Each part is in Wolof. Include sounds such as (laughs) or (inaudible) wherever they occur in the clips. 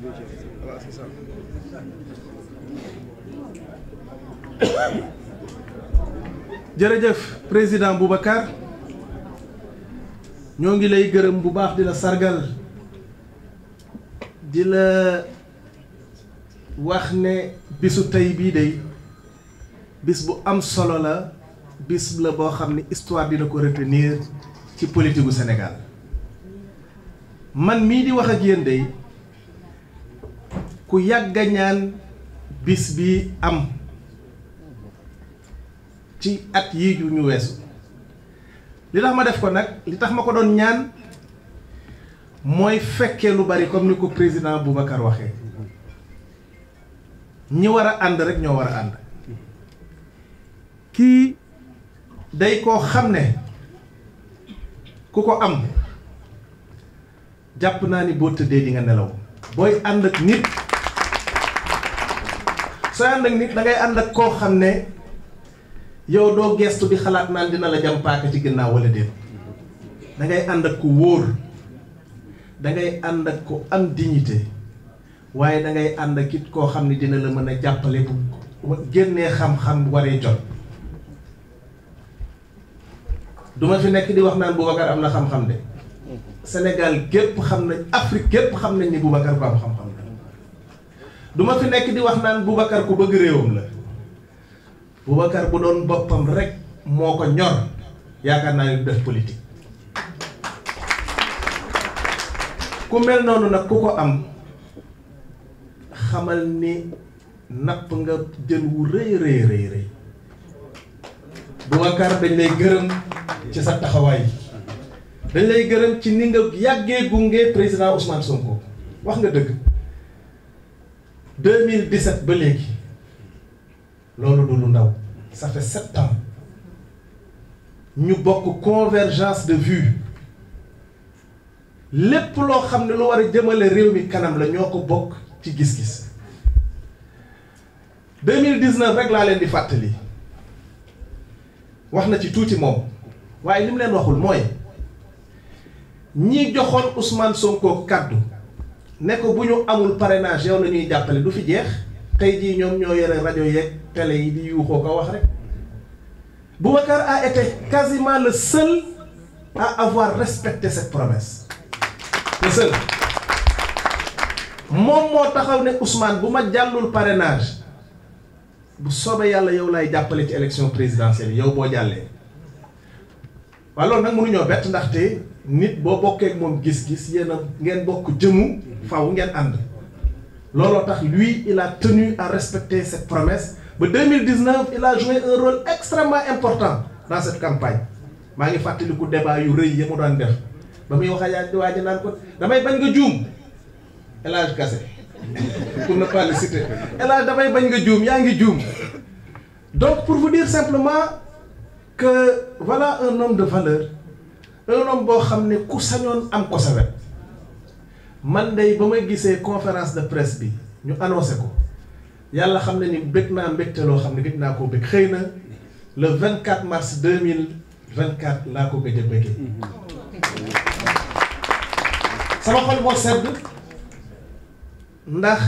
Voilà, c'est ça. jërëjëf président Boubacar ñoo ngi lay gërëm bu baax di la sargal di la wax ne bisu tey bii day bis bu am solo la bis la boo xam ne histoire dina ko retenir ci politique gu Sénégal man mii di wax ak yéen day ku yàgga ñaan bis bi am ci at yii ju ñu weesu li tax ma def ko nag li tax ma ko doon ñaan mooy fekkee lu bari comme ni ko président Boubacar waxee ñi war a ànd rek ñoo war a ànd kii day koo xam ne ku ko am jàpp naa ni boo tëddee di nga nelaw booy ànd ak nit sa ànd ak nit dangay ngay ànd ak koo xam ne yow doo gestu bi xalaat naan dina la jam paaka ci ginnaaw wala déet da ngay ànd ak ku wóor dangay ngay ànd ak ku am dignité waaye dangay ngay ànd ak it koo xam ne dina la mën a jàppale bu génnee xam-xam waree jot du ma fi nekk di wax naan Boubacar am na xam-xam de Sénégal gépp xam nañ Afrique gépp xam nañ ni Boubacar ko am xam-xam du ma fi nekk di wax naan Boubacar ku bëgg réewam la Boubacar bu doon boppam rek moo ko ñor yaakaar naa ni def politique ku mel noonu nag ku ko am xamal ni napp nga jën wu rëy rëy rëy rëy dañ lay gërëm ci sa taxawaay dañ lay gërëm ci ni nga yàggee gunge président Ousmane Sonko wax nga dëgg 2017 ba léegi loolu du lu ndaw sa fait sept ans ñu bokk convergence de vues lépp loo xam ne lu war a jëmale réew mi kanam la ñoo ko bokk ci gis-gis 2019 rek laa leen di fàttali wax na ci tuuti moom waaye li mu leen waxul mooy ñi joxoon Ousmane Sonko kàddu ne ko bu ñu amul parenage yow la ñuy jàppale du fi jeex tey jii ñoom ñoo yore rajo yeeg télé yi di yuuxoo ko wax rek Boubacar a été quasiment le seul à avoir respecté cette promesse le seul moom moo taxaw ne Ousmane bu ma jàllul parenage bu soobee yàlla yow laay jàppale ci élection présidentielle yow boo jàllee waaye nag mënuñoo bett ndaxte. nit boo bokkee moom gis-gis yéen a ngeen bokk jëmu faw ngeen ànd looloo tax lui il a tenu à respecter cette promesse ba 2019 il a joué un rôle extrêmement important dans cette campagne maa ngi fàttaliku débat yu rëy ya mu daan def ba muy wax ak waa ji naan ko damay bañ nga juum El Hadj Kassé (laughs) pour ne pas le citer El Hadj damay bañ nga juum yaa ngi juum donc pour vous dire simplement que voilà un homme de valeur un homme boo xam ne ku sañoon am ko sa wet man day ba ma gisee conférence de presse bi ñu annoncé ko yàlla xam ne ni bëgg naa mbégte loo xam ne gëj naa ko bëgg xëy na le 24 mars 2024 laa ko gëj a bëggee sama xol moo sedd ndax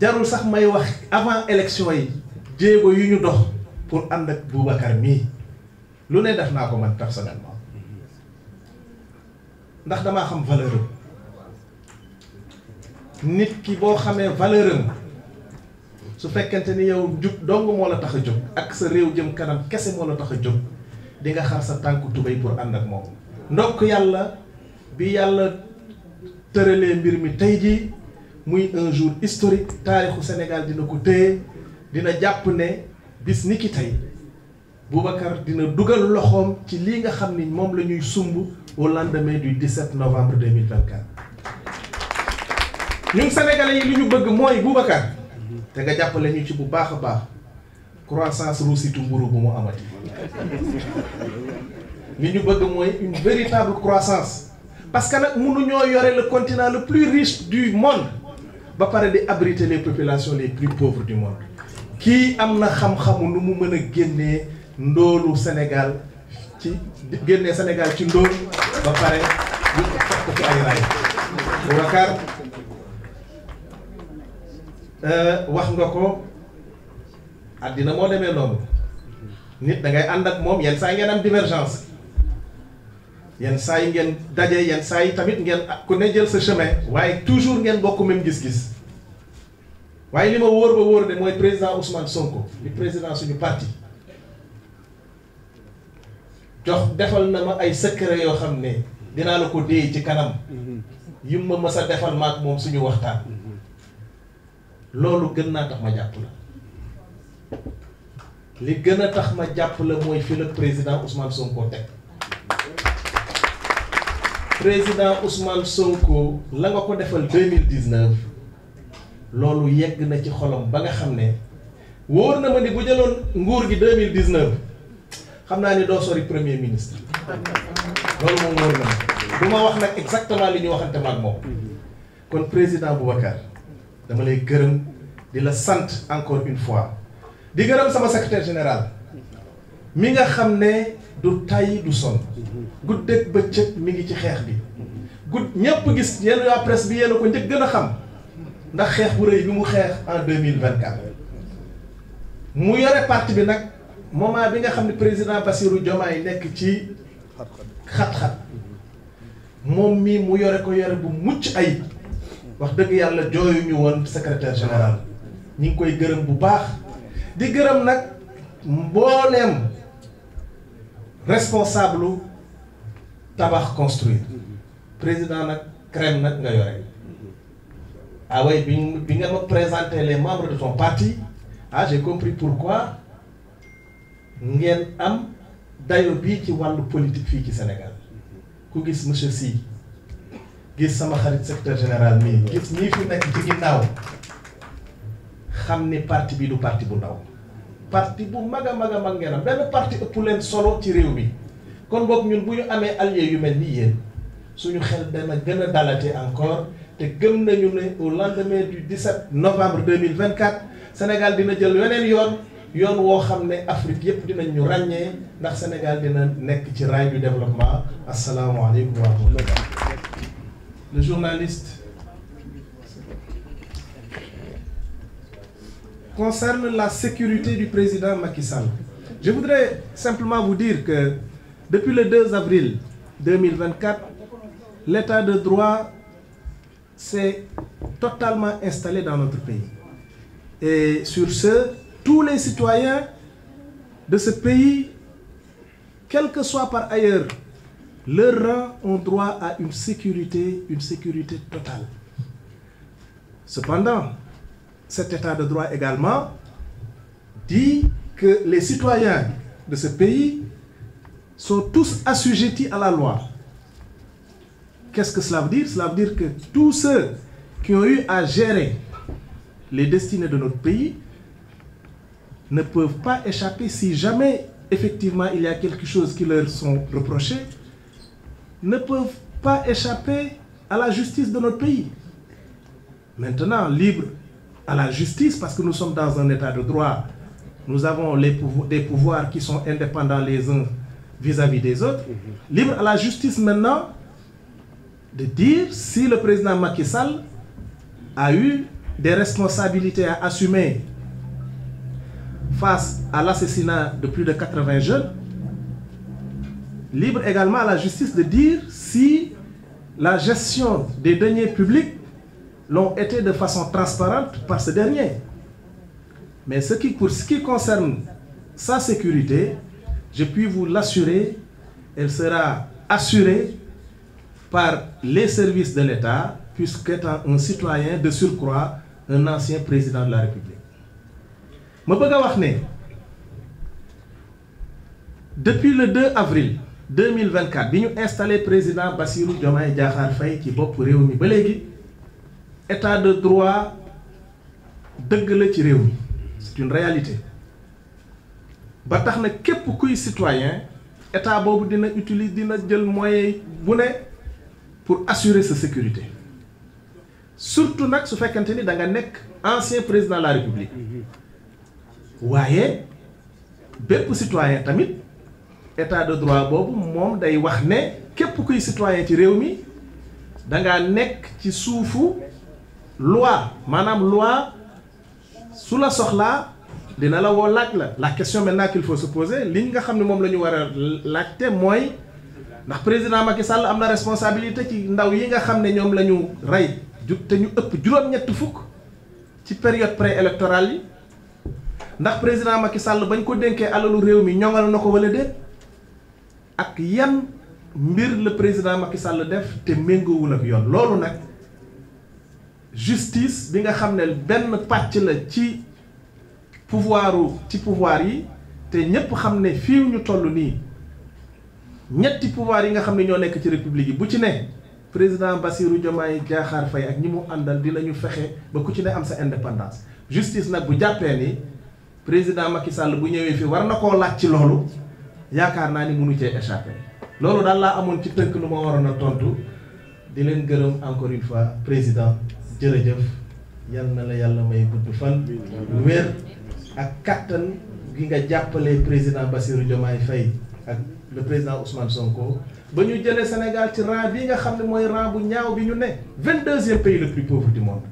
jarul sax may wax avant élection yi jéego yu ñu dox pour ànd ak Boubacar mii lu ne def naa ko man personnellement ndax damaa xam valeur nit ki boo xamee valeur am su fekkente ni yow jub dong moo la tax a jóg ak sa réew jëm kanam kese moo la tax a jóg dinga xam sa tànku tubéy pour ànd ak moom ndokk yàlla bi yàlla tëralee mbir mi tey ji muy un jour historique taarixu Sénégal dina ko téye dina jàpp ne bis ni ki tey Boubacar dina dugal loxoom ci lii nga xam ni moom la ñuy sumb au lendemain du 17 novembre 2024 ñun sénégalais yi li ñu bëgg mooy Boubacar te nga jàppale ñu ci bu baax a baax croissance ruusitu mburu bu mu amati li ñu bëgg mooy une véritable croissance parce que nag ñoo yore le continent le plus riche du monde ba pare di abriter les populations les plus pauvres du monde kii am na xam-xamu nu mu mën a génnee. ndoolu Sénégal ci génne Sénégal ci ndóol ba pare ñu fekk ko ci ay raay Boubacar euh, wax nga ko àddina moo demee noonu nit da ngay ànd ak moom yenn saa yi ngeen am divergence yenn saa yi ngeen daje yenn saa yi tamit ngeen ak ah, ku ne jël sa chemin waaye toujours ngeen bokk même gis-gis waaye li ma wóor ba wóor de mooy président Ousmane Sonko di président suñu parti jox defal na ma ay secret yoo xam ne dinaa la ko déey ci kanam mhm. yim ma mës a defal maak moom suñu waxtaan mhm. loolu gën naa tax ma jàpp la li gën a tax ma jàpp la mooy fi la président Ousmane Sonko teg président Ousmane Sonko la nga ko defal deux mille dix neuf loolu yegg na ci xolam ba nga xam ne wóor na ma ni bu jëloon nguur gi deux mille dix neuf xam naa ne doo sori premier ministre loolu moom wóor na ma wax nag exactement li ñu waxante ma ak moom kon président Boubacar dama lay gërëm di la sant encore une fois di gërëm sama secrétaire général mi nga xam ne du tàyyi du sonn guddeeg bëccëg mi ngi ci xeex bi gudd ñépp gis yéen waa presse bi yéen ko njëkk gën a xam ndax xeex bu rëy bi mu xeex en deux mille mu yore parti bi nag moment bi nga xam ne président Bassirou Diomaye nekk ci xat-xat moom mi mu yore ko yore bu mucc ay wax dëgg yàlla jooyuñu woon secretaire général ñi ngi koy gërëm bu baax di gërëm nag mbooleem responsable tabax construire président nag crème nag nga yore ah bi bi nga ma présenté les membres de ton parti ah j'ai compris pourquoi ngeen am dayo bii ci wàllu politique fii ci senegal ku gis monsieur si gis sama xarit secteur général mii gis ñii fi nekk ci ginnaaw xam ni parti bi du parti bu ndaw parti bu mag a mag a mag ngeen am benn parti ëpp leen solo ci réew mi kon book ñun bu ñu amee allié yu mel ni yéen suñu xel dana gën a dalate encore te gëm nañu ne au lendemain du 17 novembre 2024 Sénégal dina jël yeneen yoon yoon woo xam ne Afrique yëpp dinañ ñu ràññee ndax Sénégal dina nekk ci raay du développement asalaamualeykum wa rahmatullah le journaliste concerne la sécurité du président Macky Sall je voudrais simplement vous dire que depuis le 2 avril 2024 l'état de droit s'est totalement installé dans notre pays et sur ce tous les citoyens de ce pays, quel que soit par ailleurs leur rang, ont droit à une sécurité, une sécurité totale. Cependant, cet état de droit également dit que les citoyens de ce pays sont tous assujettis à la loi. Qu'est-ce que cela veut dire? Cela veut dire que tous ceux qui ont eu à gérer les destinées de notre pays ne peuvent pas échapper si jamais effectivement il y a quelque chose qui leur sont reprochés, ne peuvent pas échapper à la justice de notre pays. Maintenant, libre à la justice, parce que nous sommes dans un état de droit, nous avons les pouvo des pouvoirs qui sont indépendants les uns vis-à-vis -vis des autres, mhm. libre à la justice maintenant de dire si le président Macky Sall a eu des responsabilités à assumer face à l'assassinat de plus de 80 jeunes, libre également la justice de dire si la gestion des deniers publics l'ont été de façon transparente par ce dernier. Mais ce pour ce qui concerne sécurité, je puis vous l'assurer, elle sera assurée par les services de l'État, puisqu'étant un citoyen de un ancien président de la République. ma bëgg a wax ne depuis le 2 avril 2024 bi ñu installé président Bassirou Diomaye Diakhar fay ci bopp réew mi ba léegi état de droit dëgg la ci réew mi c'est une réalité ba tax na képp kuy citoyen état boobu dina utiliser dina jël moyen bu ne pour assurer sa sécurité surtout nag su fekkante ni da nga nekk ancien président la république mm-hmm. waaye bépp citoyen tamit état de droit boobu moom day wax ne képp kuy citoyen ci réew mi da nekk ci suufu loi maanaam loi su la soxlaa dina la woo laaj la la question maintenant qu'il faut se poser li nga xam ne moom la ñu war a laajte mooy ndax président Macky Sall am na responsabilité ci ndaw yi nga xam ne ñoom la ñu rey ju te ñu ëpp juróom-ñetti fukk ci période pré électorale yi ndax président Macky Sall bañ ko dénkee alalu réew mi ñoŋal na ko wala déet ak yan mbir la président Macky Sall def te méngoowul ak yoon loolu nag justice bi nga xam ne benn pàcc la ci pouvoiru ci pouvoir yi te ñépp xam ne fii ñu toll nii ñetti pouvoir yi nga xam ne ñoo nekk ci république yi bu ci ne président Bassirou Diomaye Diakhar fay ak ñi mu àndal di lañu fexe ba ku ci ne am sa indépendance justice nag bu jàppee ni président Macky Sall bu ñëwee fii war na koo laaj ci loolu yaakaar naa ni munu cee échappé loolu daal laa amoon ci tëkk lu ma waroon a tontu di leen gërëm encore une fois président jël jërëjëf yal na la yàlla may gudd fan wér ak kattan gi nga jàppale président Bassirou Diomaye Faye ak le président Ousmane Sonko ba ñu jëlee Sénégal ci rang bi nga xam ne mooy rang bu ñaaw bi ñu ne vingt-deuxième pays le plus pauvre du monde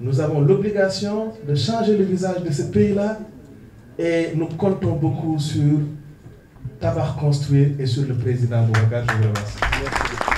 Nous avons l'obligation de changer le visage de ce pays-là et nous comptons beaucoup sur Tabar Construire et sur le président Boubacar. Je vous remercie.